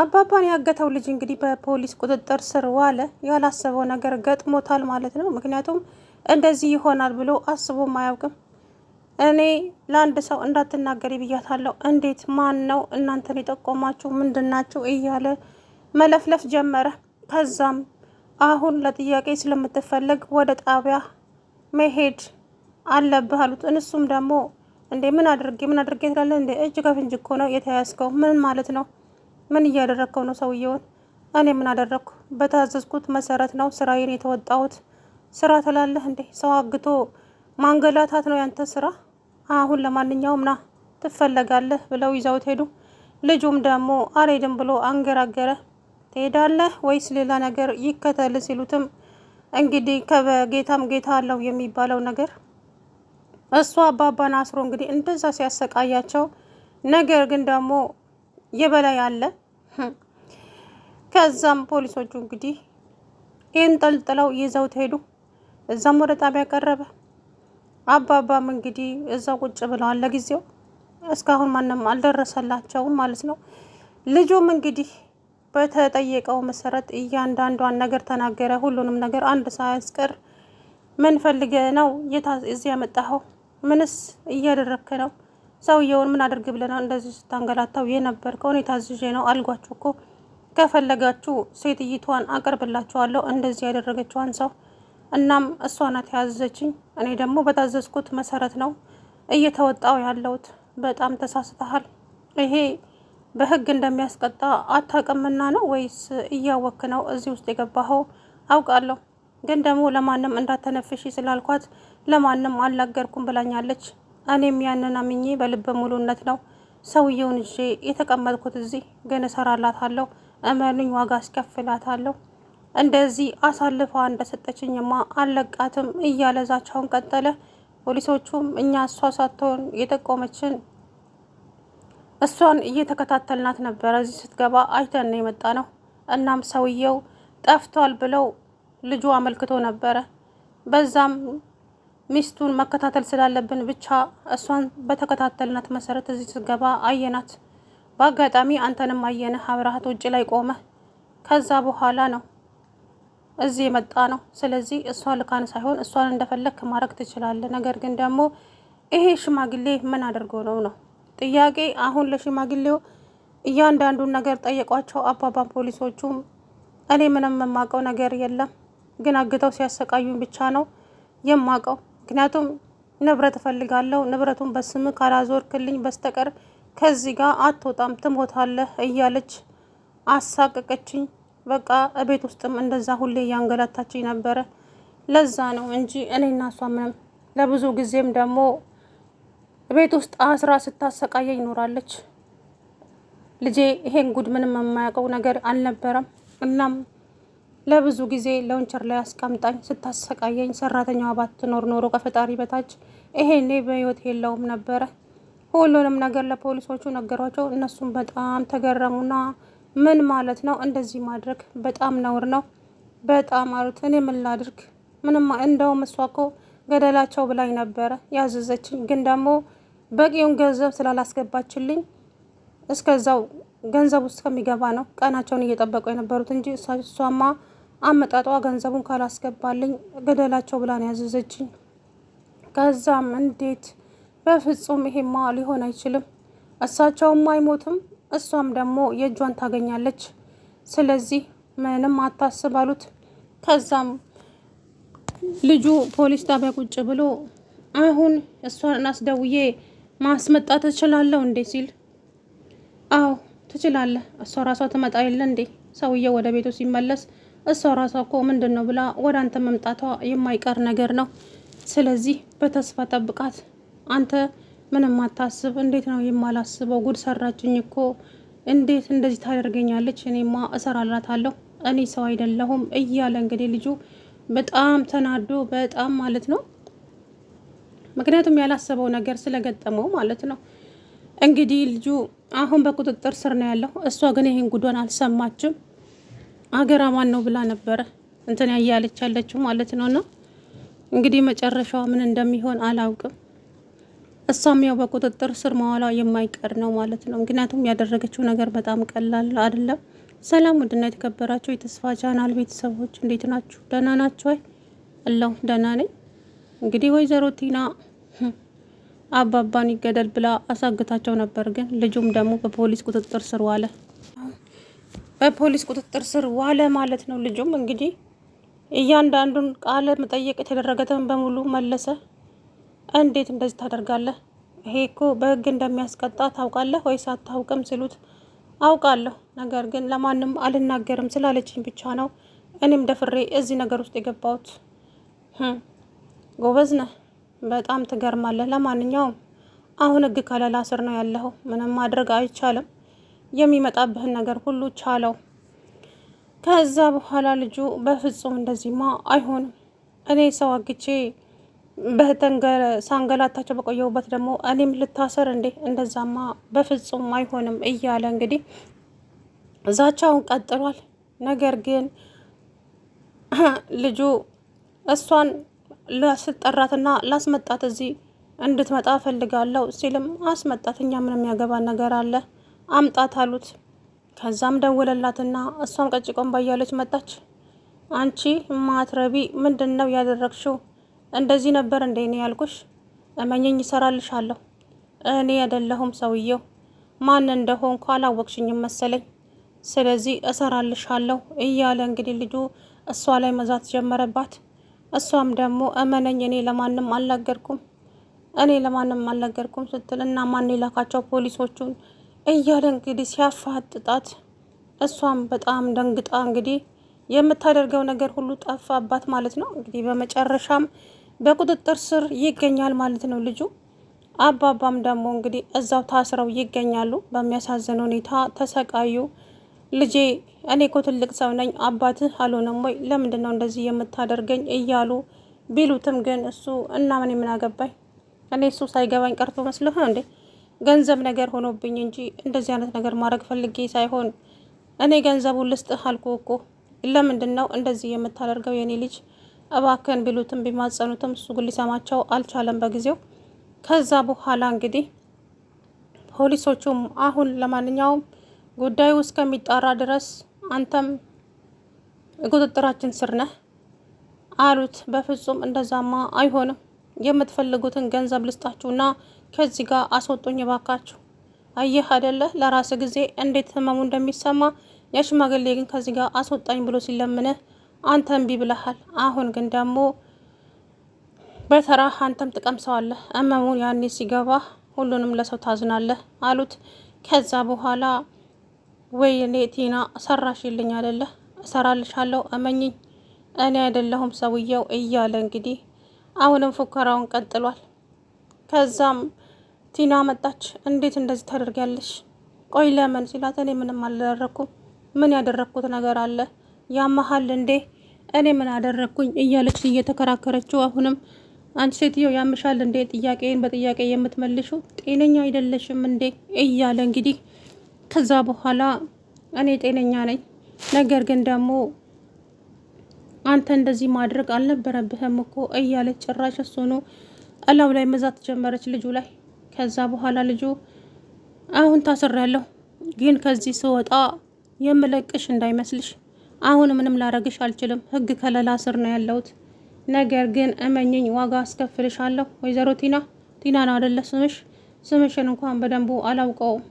አባባን ያገተው ልጅ እንግዲህ በፖሊስ ቁጥጥር ስር ዋለ። ያላሰበው ነገር ገጥሞታል ማለት ነው። ምክንያቱም እንደዚህ ይሆናል ብሎ አስቦም አያውቅም። እኔ ለአንድ ሰው እንዳትናገሪ ብያታለሁ። እንዴት? ማን ነው እናንተን የጠቆማችሁ? ምንድናችሁ? እያለ መለፍለፍ ጀመረ። ከዛም አሁን ለጥያቄ ስለምትፈለግ ወደ ጣቢያ መሄድ አለብህ አሉት። እሱም ደግሞ እንዴ ምን አድርጌ ምን አድርጌ ትላለህ እንዴ? እጅ ከፍንጅ እኮ ነው የተያዝከው። ምን ማለት ነው ምን እያደረግከው ነው ሰውየውን? እኔ ምን አደረግኩ? በታዘዝኩት መሰረት ነው ስራዬን የተወጣሁት። ስራ ትላለህ እንዴ? ሰው አግቶ ማንገላታት ነው ያንተ ስራ? አሁን ለማንኛውም ና ትፈለጋለህ ብለው ይዘውት ሄዱ። ልጁም ደግሞ አልሄድም ብሎ አንገራገረ። ትሄዳለህ ወይስ ሌላ ነገር ይከተል ሲሉትም እንግዲህ ከበጌታም ጌታ አለው የሚባለው ነገር እሱ አባባን አስሮ እንግዲህ እንደዛ ሲያሰቃያቸው ነገር ግን ደግሞ የበላይ አለ። ከዛም ፖሊሶቹ እንግዲህ ይህን ጠልጥለው ይዘውት ሄዱ። እዛም ወደ ጣቢያ ቀረበ። አባባም እንግዲህ እዛ ቁጭ ብለዋል። ለጊዜው እስካሁን ማንም አልደረሰላቸውም ማለት ነው። ልጁም እንግዲህ በተጠየቀው መሰረት እያንዳንዷን ነገር ተናገረ። ሁሉንም ነገር አንድ ሳያስቀር ምን ፈልገ ነው? እዚህ ያመጣኸው? ምንስ እያደረግክ ነው? ሰውየውን ምን አድርግ ብለና እንደዚህ ስታንገላታው የነበርከው እኔ ታዝዤ ነው አልጓችሁ እኮ ከፈለጋችሁ ሴትይቷን አቀርብላችኋለሁ እንደዚህ ያደረገችዋን ሰው። እናም እሷ ናት ያዘችኝ። እኔ ደግሞ በታዘዝኩት መሰረት ነው እየተወጣው ያለውት በጣም ተሳስተሃል። ይሄ በህግ እንደሚያስቀጣ አታውቅምና ነው ወይስ እያወክ ነው እዚህ ውስጥ የገባኸው? አውቃለሁ ግን ደግሞ ለማንም እንዳተነፍሽ ስላልኳት ለማንም አልነገርኩም ብላኛለች። እኔም ያንን አምኜ በልበ ሙሉነት ነው ሰውየውን እ የተቀመጥኩት። እዚህ ግን እሰራላታለሁ፣ እመኑኝ፣ ዋጋ አስከፍላታለሁ። እንደዚህ አሳልፋ እንደሰጠችኝማ አለቃትም እያለ ዛቻውን ቀጠለ። ፖሊሶቹም እኛ እሷ ሳትሆን የጠቆመችን እሷን እየተከታተልናት ነበረ። እዚህ ስትገባ አይተን ነው የመጣ ነው። እናም ሰውየው ጠፍቷል ብለው ልጁ አመልክቶ ነበረ። በዛም ሚስቱን መከታተል ስላለብን ብቻ እሷን በተከታተልናት መሰረት እዚህ ስገባ አየናት። በአጋጣሚ አንተንም አየንህ አብረሃት ውጭ ላይ ቆመህ። ከዛ በኋላ ነው እዚህ የመጣ ነው። ስለዚህ እሷ ልካን ሳይሆን እሷን እንደፈለግክ ማድረግ ትችላለህ። ነገር ግን ደግሞ ይሄ ሽማግሌ ምን አድርጎ ነው ነው ጥያቄ። አሁን ለሽማግሌው እያንዳንዱን ነገር ጠየቋቸው። አባባን ፖሊሶቹም እኔ ምንም የማውቀው ነገር የለም፣ ግን አግተው ሲያሰቃዩን ብቻ ነው የማውቀው ምክንያቱም ንብረት እፈልጋለሁ፣ ንብረቱን በስም ካላዞርክልኝ በስተቀር ከዚህ ጋር አትወጣም፣ ትሞታለህ እያለች አሳቀቀችኝ። በቃ እቤት ውስጥም እንደዛ ሁሌ እያንገላታችኝ ነበረ። ለዛ ነው እንጂ እኔና እሷ ምንም ለብዙ ጊዜም ደግሞ ቤት ውስጥ አስራ ስታሰቃየኝ ኖራለች። ልጄ ይሄን ጉድ ምንም የማያውቀው ነገር አልነበረም። እናም ለብዙ ጊዜ ለውንቸር ላይ አስቀምጣኝ ስታሰቃየኝ ሰራተኛዋ ባትኖር ኖሮ ከፈጣሪ በታች ይሄኔ በህይወት የለውም ነበረ። ሁሉንም ነገር ለፖሊሶቹ ነገሯቸው። እነሱም በጣም ተገረሙና ምን ማለት ነው እንደዚህ ማድረግ በጣም ነውር ነው በጣም አሉት። እኔ ምን ላድርግ? ምንም እንደውም እሷ እኮ ገደላቸው ብላኝ ነበረ ያዘዘችኝ፣ ግን ደግሞ በቂውን ገንዘብ ስላላስገባችልኝ እስከዛው ገንዘብ ውስጥ ከሚገባ ነው ቀናቸውን እየጠበቁ የነበሩት እንጂ እሷማ አመጣጧ ገንዘቡን ካላስገባልኝ ገደላቸው ብላ ነው ያዘዘችኝ። ከዛም እንዴት በፍጹም ይሄማ ሊሆን አይችልም፣ እሳቸውም አይሞትም፣ እሷም ደግሞ የእጇን ታገኛለች። ስለዚህ ምንም አታስብ አሉት። ከዛም ልጁ ፖሊስ ጣቢያ ቁጭ ብሎ አሁን እሷን አስደውዬ ማስመጣት እችላለሁ እንዴ ሲል፣ አዎ ትችላለህ፣ እሷ ራሷ ትመጣ የለ እንዴ ሰውዬው ወደ ቤቱ ሲመለስ እሷ ራሷ እኮ ምንድን ነው ብላ ወደ አንተ መምጣቷ የማይቀር ነገር ነው። ስለዚህ በተስፋ ጠብቃት። አንተ ምንም አታስብ። እንዴት ነው የማላስበው? ጉድ ሰራችኝ እኮ እንዴት እንደዚህ ታደርገኛለች? እኔማ እሰራላታለሁ፣ እኔ ሰው አይደለሁም እያለ እንግዲህ ልጁ በጣም ተናዶ በጣም ማለት ነው። ምክንያቱም ያላሰበው ነገር ስለገጠመው ማለት ነው። እንግዲህ ልጁ አሁን በቁጥጥር ስር ነው ያለው። እሷ ግን ይህን ጉዷን አልሰማችም። አገር ነው ብላ ነበረ እንትን ያያለች ያለችው ማለት ነው። እና እንግዲህ መጨረሻዋ ምን እንደሚሆን አላውቅም። እሷም ያው በቁጥጥር ስር መዋላ የማይቀር ነው ማለት ነው። ምክንያቱም ያደረገችው ነገር በጣም ቀላል አይደለም። ሰላም ውድና የተከበራችሁ የተስፋ ቻናል ቤተሰቦች እንዴት ናችሁ? ደህና ናችሁ ወይ? አለሁ ደህና ነኝ። እንግዲህ ወይዘሮ ቲና አባባን ይገደል ብላ አሳግታቸው ነበር፣ ግን ልጁም ደግሞ በፖሊስ ቁጥጥር ስር ዋለ። በፖሊስ ቁጥጥር ስር ዋለ ማለት ነው። ልጁም እንግዲህ እያንዳንዱን ቃለ መጠየቅ የተደረገትን በሙሉ መለሰ። እንዴት እንደዚህ ታደርጋለህ? ይሄ እኮ በህግ እንደሚያስቀጣ ታውቃለህ ወይስ አታውቅም? ሲሉት አውቃለሁ፣ ነገር ግን ለማንም አልናገርም ስላለችኝ ብቻ ነው እኔም ደፍሬ እዚህ ነገር ውስጥ የገባሁት። ጎበዝ ነህ፣ በጣም ትገርማለህ። ለማንኛውም አሁን ህግ ከለላ ስር ነው ያለኸው፣ ምንም ማድረግ አይቻልም። የሚመጣብህን ነገር ሁሉ ቻለው። ከዛ በኋላ ልጁ በፍጹም እንደዚህማ አይሆንም፣ እኔ ሰው አግቼ በተንገረ ሳንገላታቸው በቆየሁበት ደግሞ እኔም ልታሰር እንዴ? እንደዛማ በፍጹም አይሆንም እያለ እንግዲህ ዛቻውን ቀጥሏል። ነገር ግን ልጁ እሷን ላስጠራትና ላስመጣት እዚህ እንድትመጣ ፈልጋለሁ ሲልም አስመጣት። እኛ ምን የሚያገባን ነገር አለ? አምጣት አሉት። ከዛም ደወለላትና እሷም ቀጭ ቆንባ እያለች መጣች። አንቺ ማትረቢ ምንድን ነው ያደረግሽው? እንደዚህ ነበር እንዴ እኔ ያልኩሽ? እመኘኝ ይሰራልሻለሁ። እኔ አይደለሁም ሰውየው፣ ማን እንደሆንኩ አላወቅሽኝም መሰለኝ። ስለዚህ እሰራልሻለሁ እያለ እንግዲህ ልጁ እሷ ላይ መዛት ጀመረባት። እሷም ደግሞ እመነኝ፣ እኔ ለማንም አልነገርኩም፣ እኔ ለማንም አልነገርኩም ስትል እና ማን የላካቸው ፖሊሶቹን እያለ እንግዲህ ሲያፋጥጣት እሷም በጣም ደንግጣ እንግዲህ የምታደርገው ነገር ሁሉ ጠፋባት ማለት ነው። እንግዲህ በመጨረሻም በቁጥጥር ስር ይገኛል ማለት ነው ልጁ። አባባም ደግሞ እንግዲህ እዛው ታስረው ይገኛሉ። በሚያሳዝን ሁኔታ ተሰቃዩ። ልጄ እኔ እኮ ትልቅ ሰው ነኝ፣ አባትህ አልሆነም ወይ? ለምንድን ነው እንደዚህ የምታደርገኝ? እያሉ ቢሉትም ግን እሱ እና ምን እኔ እሱ ሳይገባኝ ቀርቶ መስሎህ እንዴ ገንዘብ ነገር ሆኖብኝ እንጂ እንደዚህ አይነት ነገር ማድረግ ፈልጌ ሳይሆን እኔ ገንዘቡን ልስጥህ አልኩ እኮ። ለምንድን ነው እንደዚህ የምታደርገው የኔ ልጅ እባክን ቢሉትም ቢማጸኑትም እሱ ግን ሊሰማቸው አልቻለም በጊዜው። ከዛ በኋላ እንግዲህ ፖሊሶቹም አሁን ለማንኛውም ጉዳዩ እስከሚጣራ ድረስ አንተም ቁጥጥራችን ስር ነህ አሉት። በፍጹም እንደዛማ አይሆንም፣ የምትፈልጉትን ገንዘብ ልስጣችሁና ከዚህ ጋር አስወጡኝ ባካችሁ። አየህ አይደለ ለራስ ጊዜ እንዴት ህመሙ እንደሚሰማ የሽማግሌ ግን ከዚህ ጋር አስወጣኝ ብሎ ሲለምንህ አንተ እምቢ ብለሃል። አሁን ግን ደግሞ በተራህ አንተም ትቀምሰዋለህ። ህመሙን ያኔ ሲገባ ሁሉንም ለሰው ታዝናለህ አሉት። ከዛ በኋላ እኔ ቲና ሰራሽልኝ አይደለ እሰራልሻለሁ፣ እመኝኝ፣ እኔ አይደለሁም ሰውየው እያለ እንግዲህ አሁንም ፉከራውን ቀጥሏል። ከዛም ቲና መጣች። እንዴት እንደዚህ ታደርጊያለሽ? ቆይ ለምን ሲላት እኔ ምንም አላደረኩም። ምን ያደረግኩት ነገር አለ ያመሃል እንዴ? እኔ ምን አደረግኩኝ? እያለች እየተከራከረችው አሁንም አንቺ ሴትዮ ያምሻል እንዴ? ጥያቄን በጥያቄ የምትመልሹ ጤነኛ አይደለሽም እንዴ? እያለ እንግዲህ ከዛ በኋላ እኔ ጤነኛ ነኝ፣ ነገር ግን ደግሞ አንተ እንደዚህ ማድረግ አልነበረብህም እኮ እያለች ጭራሽ እሱኑ እላው ላይ መዛት ጀመረች ልጁ ላይ። ከዛ በኋላ ልጁ አሁን ታስሬያለሁ፣ ግን ከዚህ ስወጣ የምለቅሽ እንዳይመስልሽ። አሁን ምንም ላረግሽ አልችልም፣ ህግ ከለላ ስር ነው ያለሁት። ነገር ግን እመኝኝ፣ ዋጋ አስከፍልሻለሁ። ወይዘሮ ቲና ቲና ነው አደለ ስምሽ? ስምሽን እንኳን በደንቡ አላውቀውም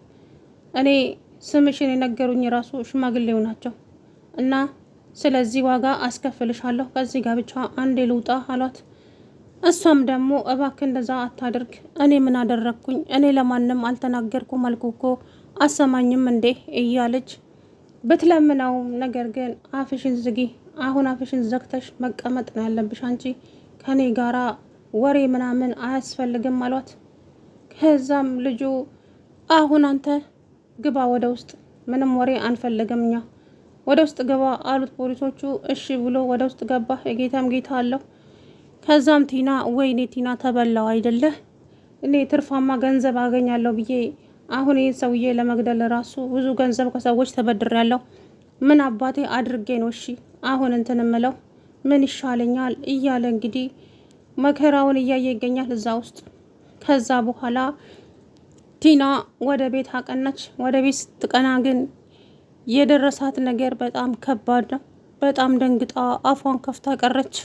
እኔ ስምሽን የነገሩኝ ራሱ ሽማግሌው ናቸው እና ስለዚህ ዋጋ አስከፍልሻለሁ። ከዚህ ጋር ብቻ አንዴ ልውጣ አሏት። እሷም ደግሞ እባክህ እንደዛ አታድርግ፣ እኔ ምን አደረግኩኝ? እኔ ለማንም አልተናገርኩም አልኩ እኮ አሰማኝም እንዴ እያለች ብትለምነው፣ ነገር ግን አፍሽን ዝጊ፣ አሁን አፍሽን ዘግተሽ መቀመጥ ነው ያለብሽ አንቺ ከኔ ጋራ ወሬ ምናምን አያስፈልግም አሏት። ከዛም ልጁ አሁን አንተ ግባ ወደ ውስጥ፣ ምንም ወሬ አንፈልግም እኛ ወደ ውስጥ ግባ አሉት ፖሊሶቹ። እሺ ብሎ ወደ ውስጥ ገባ። የጌታም ጌታ አለው ከዛም ቲና ወይኔ ቲና ተበላው አይደለ? እኔ ትርፋማ ገንዘብ አገኛለሁ ብዬ አሁን ይህን ሰውዬ ለመግደል ራሱ ብዙ ገንዘብ ከሰዎች ተበድር ያለው ምን አባቴ አድርጌ ነው እሺ አሁን እንትን እምለው ምን ይሻለኛል እያለ እንግዲህ መከራውን እያየ ይገኛል እዛ ውስጥ። ከዛ በኋላ ቲና ወደ ቤት አቀናች። ወደ ቤት ስትቀና ግን የደረሳት ነገር በጣም ከባድ ነው። በጣም ደንግጣ አፏን ከፍታ ቀረች።